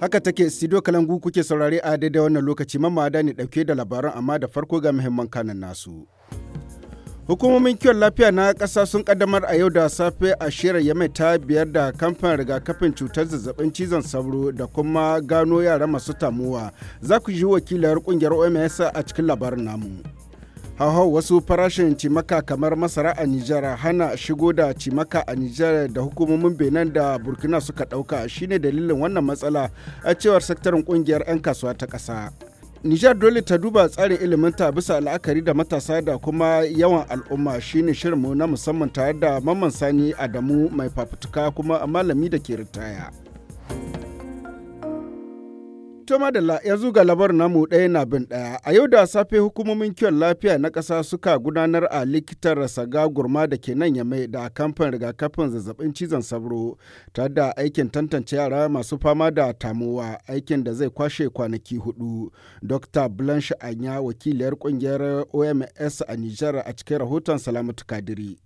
Haka take studio Kalangu kuke saurare a daidai wannan lokaci mamada ne dauke da labaran amma da farko ga muhimman kanan nasu. Hukumomin kiwon lafiya na kasa sun kaddamar a yau da safe a shirar yamai ta biyar da kamfanin rigakafin cutar zazzabin cizon sauro da kuma gano yara masu tamuwa. Za ku ji wakilar ƙungiyar OMS a cikin labarin namu. hauhau wasu farashin cimaka kamar masara a Nijar hana shigo da cimaka a Nijar da hukumomin Benin da Burkina suka dauka shine dalilin wannan matsala a cewar sektarin kungiyar 'yan kasuwa ta kasa. Nijar dole ta duba tsarin iliminta bisa la'akari da matasa da kuma yawan al'umma shine shirinmu na musamman tare da Mamman Sani Adamu mai fafutuka kuma malami da ke ritaya. To da yanzu ga labar namu ɗaya na bin ɗaya. A yau da safe hukumomin kiwon lafiya na ƙasa suka gudanar a likitar ga Gurma da ke nan Yamai da kamfan rigakafin zazzabin cizon sauro ta da aikin tantance yara masu fama da tamowa aikin da zai kwashe kwanaki hudu. Dr. Blanche Anya wakiliyar ƙungiyar OMS a Nijar a cikin rahoton Salamatu Kadiri.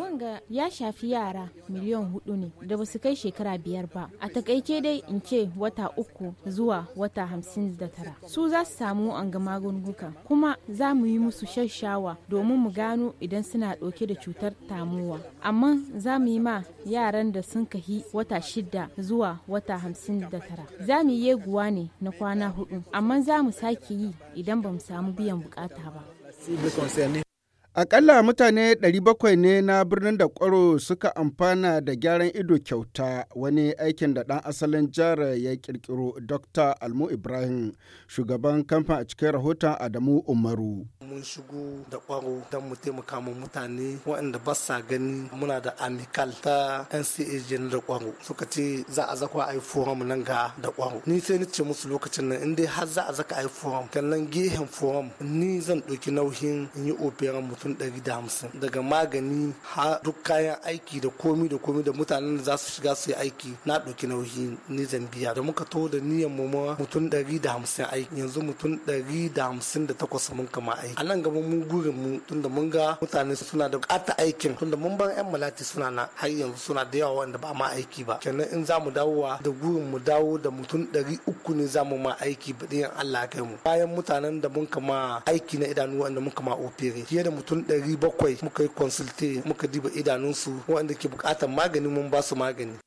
Wanga ya shafi yara miliyan hudu ne da basu kai shekara biyar ba. A takaice dai in ce wata uku zuwa wata hamsin da tara. Su za su samu an ga magunguka kuma za mu yi musu shashawa domin mu gano idan suna ɗauke da cutar tamuwa. Amma za mu yi ma yaran da sun kahi wata shida zuwa wata hamsin da tara. Za mu yi yeguwa ne na kwana hudu amma za mu sake yi idan ba mu samu biyan bukata ba. Akalla mutane 700 ne na birnin da kwaro suka amfana da gyaran ido kyauta wani aikin da ɗan asalin jihar ya kirkiro Dr. Almu Ibrahim shugaban kamfan a cikin rahoton Adamu Umaru. Mun shigo da kwaro don mu taimaka mu mutane waɗanda ba sa gani muna da amikal ta NCAG na da kwaro suka ce za a zakwa a yi forum nan ga da kwaro. Ni sai ni ce musu lokacin nan in dai har za a zaka a yi forum kallon gehen forum ni zan ɗauki nauyin in yi operan mutum ɗari da hamsin daga magani har duk kayan aiki da komi da komi da mutanen da za su shiga su yi aiki na ɗauki nauyi ni zambiya da muka to da niyan mu mutum ɗari da hamsin aiki yanzu mutum ɗari da hamsin da takwas mun kama aiki a nan gaba mun gurin mu tunda mun ga mutane suna da buƙatar aikin tunda mun bar yan malati suna na har yanzu suna da yawa wanda ba ma aiki ba kenan in za mu dawowa da gurin mu dawo da mutum ɗari uku ne za mu ma aiki baɗin Allah kai mu bayan mutanen da mun kama aiki na idanu wanda mun kama opere fiye da mutum tun ɗari bakwai muka yi consulte muka diba idanunsu waɗanda ke buƙatar magani mun ba su magani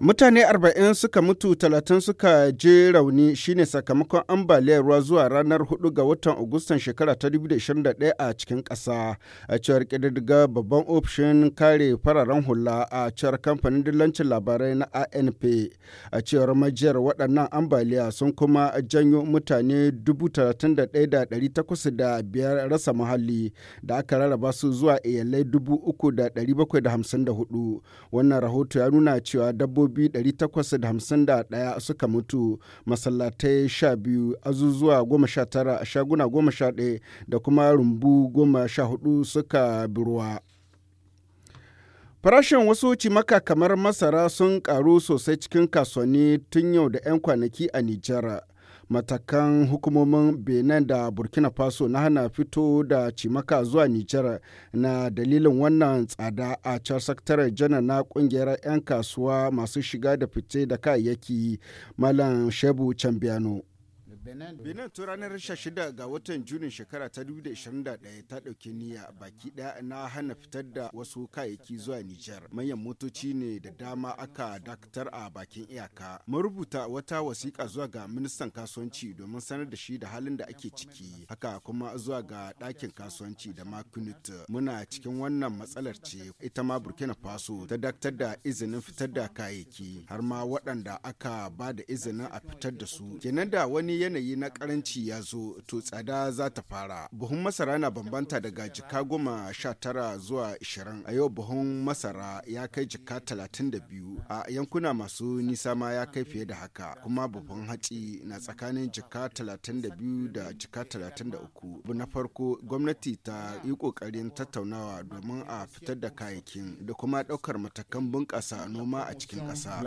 Mutane 40 suka mutu 30 suka je rauni shine sakamakon ambaliyar ruwa zuwa ranar 4 ga watan Agustan shekara ta 2021 a cikin ƙasa. A cewar ƙididdiga babban ofishin kare fararen hula a cewar kamfanin dillancin labarai na ANP. A cewar majiyar waɗannan ambaliya sun kuma janyo mutane 31,805 rasa muhalli da aka rarraba su zuwa iyalai 3,754. Wannan rahoto ya nuna cewa dabbobi dabbobi 851 suka mutu masallatai 12 azuzuwa 19 shaguna 11 da kuma rumbu 14 suka birwa. Farashin wasu cimaka kamar masara sun karu sosai cikin kasuwanni tun yau da 'yan kwanaki a Nijar. matakan hukumomin benin da burkina faso na hana fito da cimaka zuwa nijar na dalilin wannan tsada a can sakataren jana na kungiyar 'yan kasuwa masu shiga da fice da kayayyaki malam shebu chambiano benin benin tun ranar 16 ga watan junin shekara ta 2021 ta dauke niyya baki daya na hana fitar da wasu kayayyaki zuwa nijar manyan motoci ne da dama aka dakatar a bakin iyaka rubuta wata wasiƙa zuwa ga ministan kasuwanci domin sanar da shi da halin da ake ciki haka kuma zuwa ga ɗakin kasuwanci da ma muna cikin wannan matsalar ce ita ma burkina faso ta dakatar da izinin fitar da kayayyaki har ma waɗanda aka ba da izinin a fitar da su kenan da wani yanayi yanayi na karanci ya zo to tsada za ta fara buhun masara na bambanta daga jika goma sha tara zuwa ishirin a yau buhun masara ya kai jika talatin da biyu a yankuna masu nisa ma ya kai fiye da haka kuma buhun hatsi na tsakanin jika talatin da biyu da jika talatin da uku na farko gwamnati ta yi kokarin tattaunawa domin a fitar da kayayyakin da kuma ɗaukar matakan bunkasa noma a cikin kasa.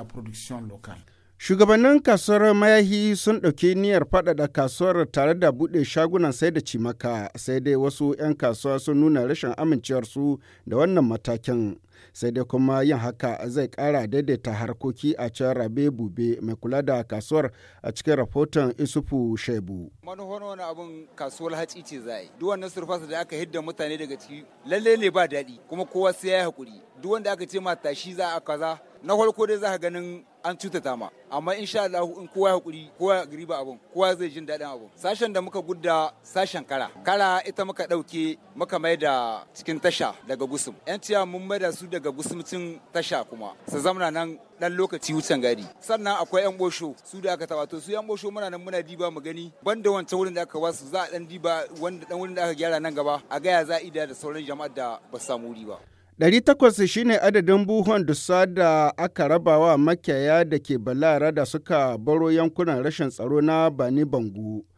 Shugabannin kasuwar mayahi sun ɗauki niyyar faɗaɗa kasuwar tare da buɗe shagunan sai da cimaka, sai dai wasu 'yan kasuwa sun nuna rashin amincewarsu da wannan matakin. Sai dai kuma yin haka zai ƙara daidaita harkoki a can rabe bube mai kula da kasuwar a cikin rahoton Isufu Shebu. Manufan wani abin kasuwar hatsi ce za a yi. Duk surfasa da aka hidda mutane daga ciki lallai ne ba daɗi kuma kowa sai ya yi haƙuri. Duk wanda aka ce ma tashi za a kaza na farko dai za ka ganin an cuta tama amma insha Allah in kowa hakuri kowa ya gari abun kowa zai jin daɗin abun sashen da muka gudda sashen kara kara ita muka ɗauke muka mai da cikin tasha daga gusum yan ciya mun mai da su daga cin tasha kuma su zamana nan dan lokaci wucin gadi sannan akwai yan bosho su da aka tawato su yan bosho muna nan muna diba mu gani banda wancan wurin da aka wasu za a dan diba wanda dan wurin da aka gyara nan gaba a gaya za a ida da sauran jama'ar da ba samu wuri ba 800 shine adadin buhun dusa da aka rabawa makiyaya da ke balara da suka baro yankunan rashin tsaro na Bani Bangu.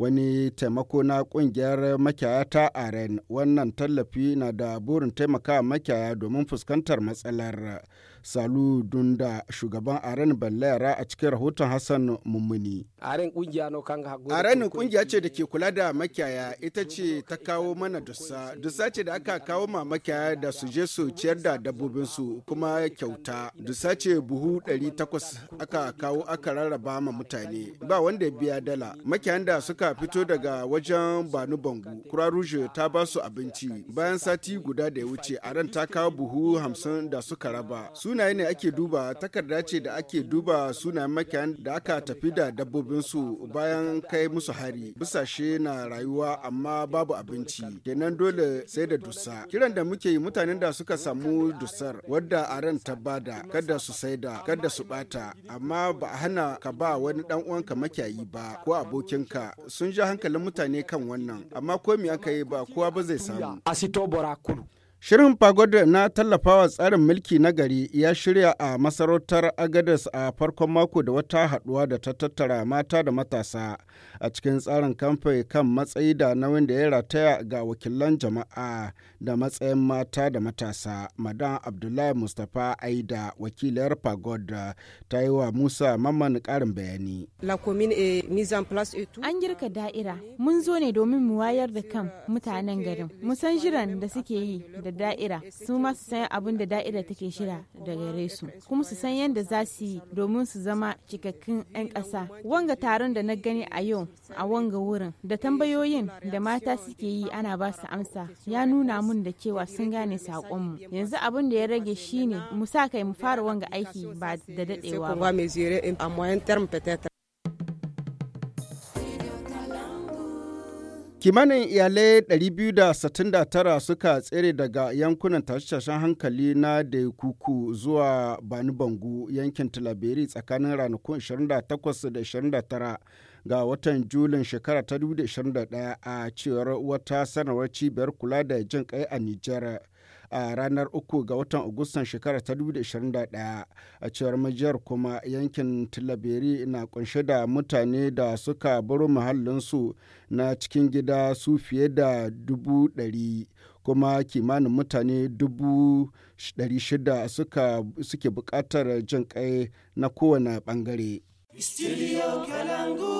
wani taimako na kungiyar makiyaya ta aren wannan tallafi na da burin taimaka makiyaya domin fuskantar matsalar salu dunda shugaban aren ballayara a cikin rahoton hassan mummuni aren kungiya ce da ke kula da makiyaya ita ce ta kawo mana dussa dussa ce da aka kawo ma makiyaya da su je su ciyar da dabbobinsu kuma kyauta dussa ce buhu 800 aka kawo aka rarraba ma mutane ba wanda ya biya dala makiyayan da suka a fito daga wajen Banu Bangu, Kura Rouge ta ba su abinci bayan sati guda da ya wuce a ran ta kawo buhu hamsin da suka raba. Sunaye ne ake duba takarda ce da ake duba sunayen makiyan da aka tafi da dabbobin su bayan kai musu hari. bisa shi na rayuwa amma babu abinci, kenan dole sai da dusa. Kiran da muke yi mutanen da suka samu dusar wadda a ran ta bada kada su saida kada su bata amma ba a hana ka ba wani dan uwanka makiyayi ba ko abokinka sun ja hankalin mutane kan wannan amma ko mai aka yi ba kowa ba zai samu. Shirin Pagoda na tallafawa tsarin mulki na gari ya shirya a masarautar Agadez a farkon mako da wata haɗuwa da ta tattara mata da matasa a cikin tsarin kamfe kan matsayi da nauyin da ya rataya ga wakilan jama'a da matsayin mata da matasa. Madan Abdullahi Mustapha Aida wakilar Pagoda ta yi wa Musa Mamman karin bayani. An girka da'ira, mun zo ne domin mu wayar da kan mutanen garin, mu san jiran da suke yi da da'ira su ma su san abin da da'ira take shira da gare su kuma su san yadda za su yi domin su zama cikakkun 'yan ƙasa wanga taron da na gani a yau a wanga wurin da tambayoyin da mata suke yi ana ba su amsa ya nuna mun da cewa sun gane saƙonmu yanzu abin da ya rage shine mu sa kai mu fara wanga aiki ba da daɗewa ba Kimanin iyalai 269 suka tsere daga yankunan tashe hankali na Daikuku zuwa Bani yankin Tilaberi tsakanin ranakun 28 da 29 ga watan Julin shekara ta 2021 a cewar wata sanarwar cibiyar kula da jin kai a Nijar. a ranar 3 ga watan Agustan shekarar ta 2021 a cewar majiyar kuma yankin Tilaberi na kunshe da mutane da suka baro muhallinsu na cikin gida su fiye da dubu ɗari kuma kimanin mutane dubu shida suke buƙatar jin kai na kowane ɓangare. Studio Kalangu.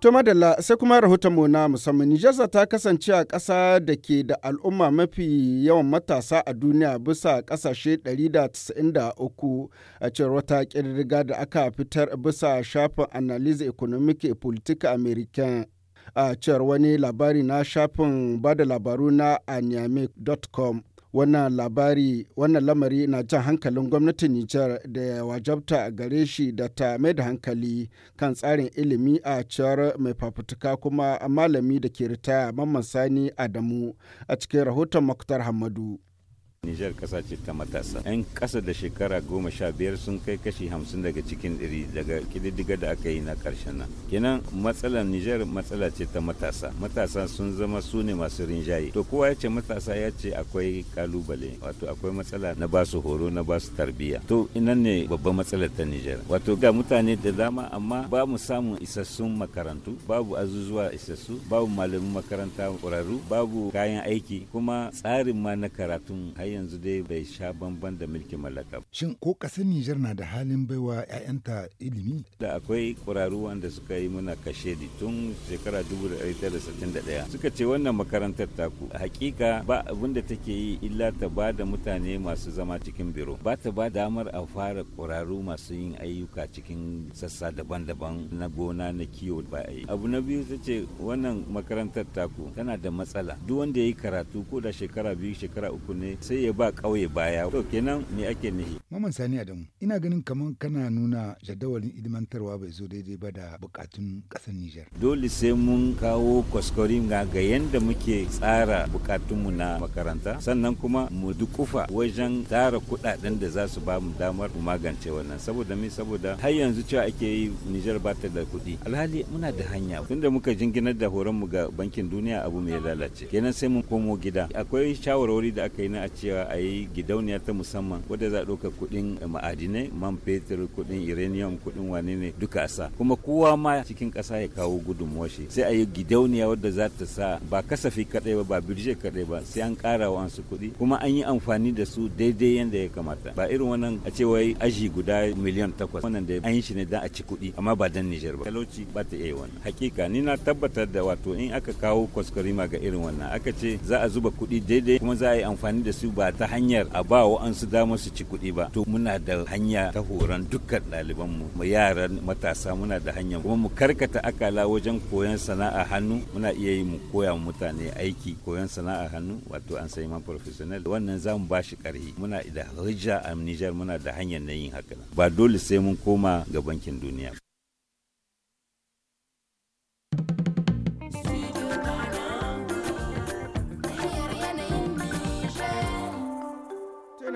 To madalla sai kuma rahoton na musamman Nijarsa ta kasance a ƙasa da ke da al'umma mafi yawan matasa a duniya bisa ƙasashe 193 a cewar wata ƙirƙirga da aka fitar bisa shafin Analyse Economic Politique American. a cewar wani labari na shafin bada labaru na anyame.com wannan labari wannan lamari na jan hankalin gwamnatin Nijar da ya wajabta gare shi da ta mai da hankali kan tsarin ilimi a cewar mai fafutuka kuma malami da ke ritaya mamman sani Adamu a cikin rahoton Muktar Hamadu. Nijar kasa ce ta matasa. 'Yan kasa da shekara goma sha biyar sun kai kashi hamsin daga cikin iri daga kididdiga da aka yi na karshen nan. Kenan matsalar Nijar matsala ce ta matasa. Matasa sun zama su ne masu rinjaye. To kowa ya ce matasa ya ce akwai kalubale wato akwai matsala na basu horo na basu tarbiyya. To ina ne babban matsalar ta Nijar. Wato ga mutane da dama amma ba mu samun isassun makarantu babu azuzuwa isassu babu malamin makaranta ƙwararru babu kayan aiki kuma tsarin ma na karatun yanzu dai bai sha bamban da mulkin mallaka. Shin ko kasar Nijar na da halin baiwa 'ya'yanta ilimi? Da akwai kuraru wanda suka yi muna kashedi tun shekara 1961 suka ce wannan makarantar ta taku hakika ba abun da take yi illa ta ba da mutane masu zama cikin biro ba ta ba damar a fara kuraru masu yin ayyuka cikin sassa daban-daban na gona na kiwo ba a yi. Abu na biyu ta ce wannan makarantar taku tana da matsala duk wanda ya yi karatu ko da shekara biyu shekara uku ne sai zai iya ba kauye baya to kenan me ake nihi maman sani adamu ina ganin kamar kana nuna jadawalin ilmantarwa bai zo daidai ba da bukatun ƙasar Nijar dole sai mun kawo kwaskwarin ga ga yanda muke tsara bukatunmu na makaranta sannan kuma mu dukufa wajen tara kuɗaɗen da za su ba mu damar mu magance wannan saboda me saboda har yanzu cewa ake yi Nijar ba ta da kuɗi alhali muna da hanya tunda muka jinginar da horon mu ga bankin duniya abu mai lalace kenan sai mun komo gida akwai shawarwari da aka yi na a ce cewa a yi gidauniya ta musamman wadda za a ɗauka kuɗin ma'adinai man fetur kuɗin uranium kuɗin wane ne duka a sa kuma kowa ma cikin ƙasa ya kawo gudun shi sai a yi gidauniya wadda za ta sa ba kasafi kaɗai ba ba birje kaɗai ba sai an ƙara wa su kuɗi kuma an yi amfani da su daidai yadda ya kamata ba irin wannan a ce wai aji guda miliyan takwas wannan da an yi shi ne don a ci kuɗi amma ba dan Nijar ba talauci ba ta iya wannan hakika ni na tabbatar da wato in aka kawo kwaskwarima ga irin wannan aka ce za a zuba kuɗi daidai kuma za a yi amfani da su ba ta hanyar a ba wa'ansu dama su ci kuɗi ba to muna da hanya ta horon dukkan ɗaliban mu yaran matasa muna da hanya kuma mu karkata akala wajen koyon sana'a hannu muna iya yi mu koya mutane aiki koyon sana'a hannu wato an sai man professional wannan za mu ba shi ƙarfi muna da hujja a Niger muna da hanyar na yin haka ba dole sai mun koma ga bankin duniya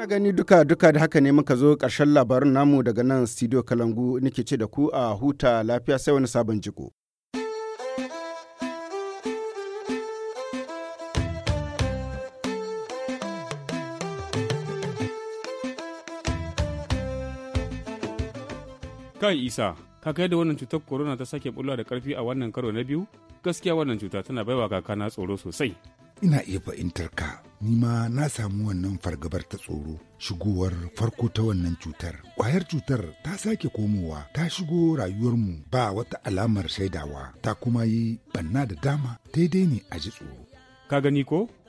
kuna gani duka duka da haka ne muka zo ƙarshen labarin namu daga nan studio kalangu nake ce da ku a huta lafiya sai wani sabon jiko. Kai Isa, ka da wannan cutar corona ta sake bulla da karfi a wannan karo na biyu? Gaskiya wannan cuta tana baiwa kakana tsoro sosai. ina iya fahimtar ka ni ma na samu wannan fargabar ta tsoro shigowar farko ta wannan cutar ƙwayar cutar ta sake komowa ta shigo rayuwarmu ba wata alamar shaidawa ta kuma yi banna da dama daidai ne a ji tsoro ka gani ko